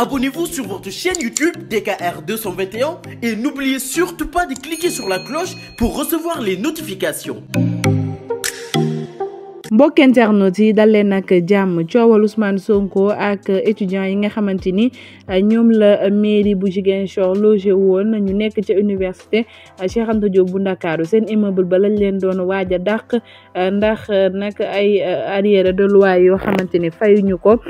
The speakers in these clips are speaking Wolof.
Abonnez-vous sur votre chaîne YouTube DKR et n'oubliez surtout pas de cliquer sur la cloche pour recevoir les notifications. mbokk internautes yi dal leen nag jàmm coowal Ousmane Sonko ak étudiants yi nga xamante ni euh, ñoom la mairie bu Ziguinchor logé woon ñu nekk ca université euh, Cheikh Anta Diop bu Ndakaaru seen immeuble ba lañ leen doon waaj a dàq euh, ndax nag ay arriérés de loi yoo xamante ni fayuñu ko.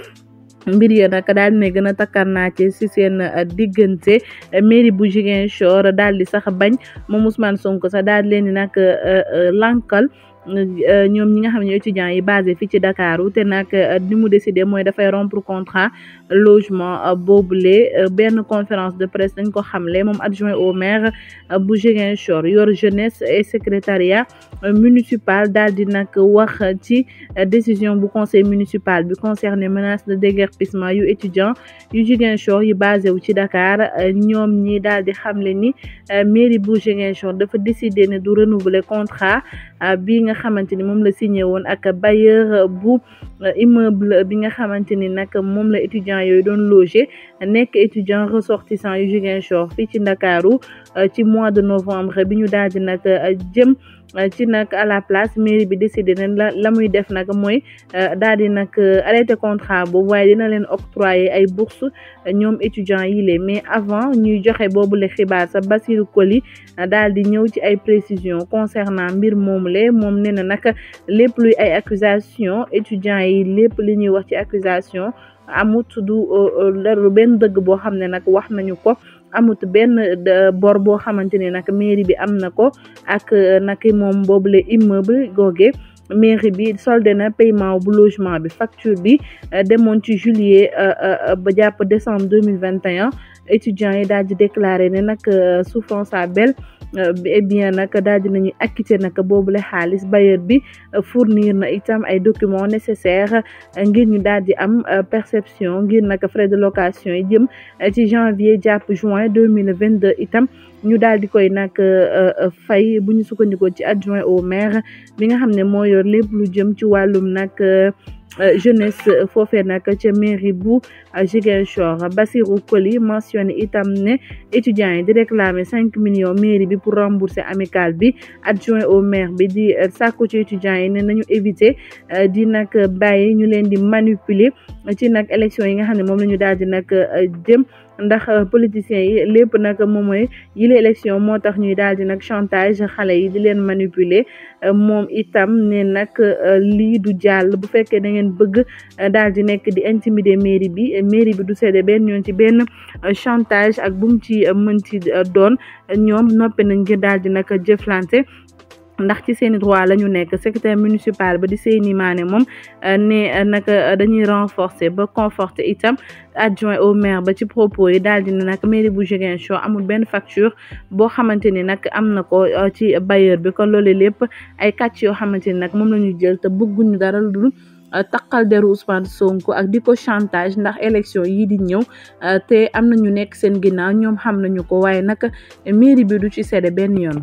mbir ya nag daal ne gën a takkarnaa ci si seen uh, diggante uh, mairie bu Ziguinchor daal di sax bañ moom Ousmane Sonko sax daal leen di nag uh, lànkal Euh, ñoom ñi nga xam ne étudiants yi basé fii ci Dakar te nag li euh, mu décidé mooy dafay rompre contrat logement euh, boobule benn conférence de presse dañ ko xamle moom adjoint au maire bu Ziguinchor yor jeunesse et secrétariat municipal daal di nag wax ci décision bu conseil municipal bi concerné menace de déguerpissement yu étudiants yu Ziguinchor yi basé wu ci dakaar ñoom ñi daal di xamle ni mairie bu Ziguinchor dafa décidé ne du renouveler contrat bi nga xamante ni moom la signé woon ak bailleur bu immeuble bi nga xamante ni nag moom la étudiant yooyu doon loger nekk étudiant ressortissant yu Ziguinchor fii ci Ndakaaru euh, ci mois de novembre bi ñu daal di nag euh, jëm euh, ci nag à la place mairie bi décidé na la la muy def nag mooy daal di nag arrêté contrat boobu waaye dina leen octroyer ay bourse ñoom étudiants yi lee mais avant ñuy joxe boobu le xibaar sa Bassirou Koli daal di ñëw ci ay précisions concernant mbir moom nee na nag lépp luy ay accusations yi lépp li ñuy wax ci accusation amut du euh, euh, leru benn dëgg boo xam ne nag wax nañu ko amut benn bor boo xamante ni nag mairie bi am na ko ak euh, naki moom boobule immeuble googe mairie bi soldé na paiement bu logement bi facture bi demoon ci juillet ba jàpp décembre deux mille vingt et un étudiants yi daal di déclaré ne nag sous Fonsabelle Euh, eh bien nag daal di nañu acquitté nag boobule xaalis bailleur bi euh, fournir na itam ay documents nécessaires euh, ngir ñu daal di am perception ngir nag frais de location yi jëm ci janvier jàpp juin deux mille vingt deux itam ñu daal di koy nag fay bu ñu sukkandikoo ci adjoint au maire bi nga xam ne moo yor lépp lu jëm ci wàllum nag. Euh, jeunesse euh, foofee nag ca mairie bu euh, Ziguinchor Bassirou Koli mentionné itam ne étudiants yi di réclamer cinq millions mairie bi pour rembourser amicale bi adjoint au maire bi di sàkku ci étudiants yi ne nañu éviter di nag bàyyi ñu leen di manipuler ci nag élection yi nga xam ne moom la ñu daal di nag jëm ndax euh, politiciens yi lépp nag moom mooy yile élection moo tax ñuy daal di nag chantage xale yi di leen manipuler euh, moom itam ne nag euh, lii du jàll bu fekkee da ngeen bëgg daal di nekk di intimider mairie bi mairie bi du seede benn ñoom ci benn chantage ak bu ci mën ci doon ñoom noppee nañ ngir daal di nag jëflante ndax ci seen droit la ñu nekk secrétaire municipal ba di seeni Mané moom euh, ne euh, nag euh, dañuy renforcer ba conforter itam adjoint au maire ba ci propos yi daal di ne nag mairie bu Ziguinchor amul benn facture boo xamante ne nag am na ko ci bailleur bi kon loole lépp ay kàcc yoo xamante ni nag moom la ñu jël te bëgguñu dara lu dul taqal deru Ousmane ak di ko chantage ndax élection yii di ñëw te am na ñu nekk seen ginnaaw ñoom xam nañu ko waaye nag mairie bi du ci sedde benn yoon.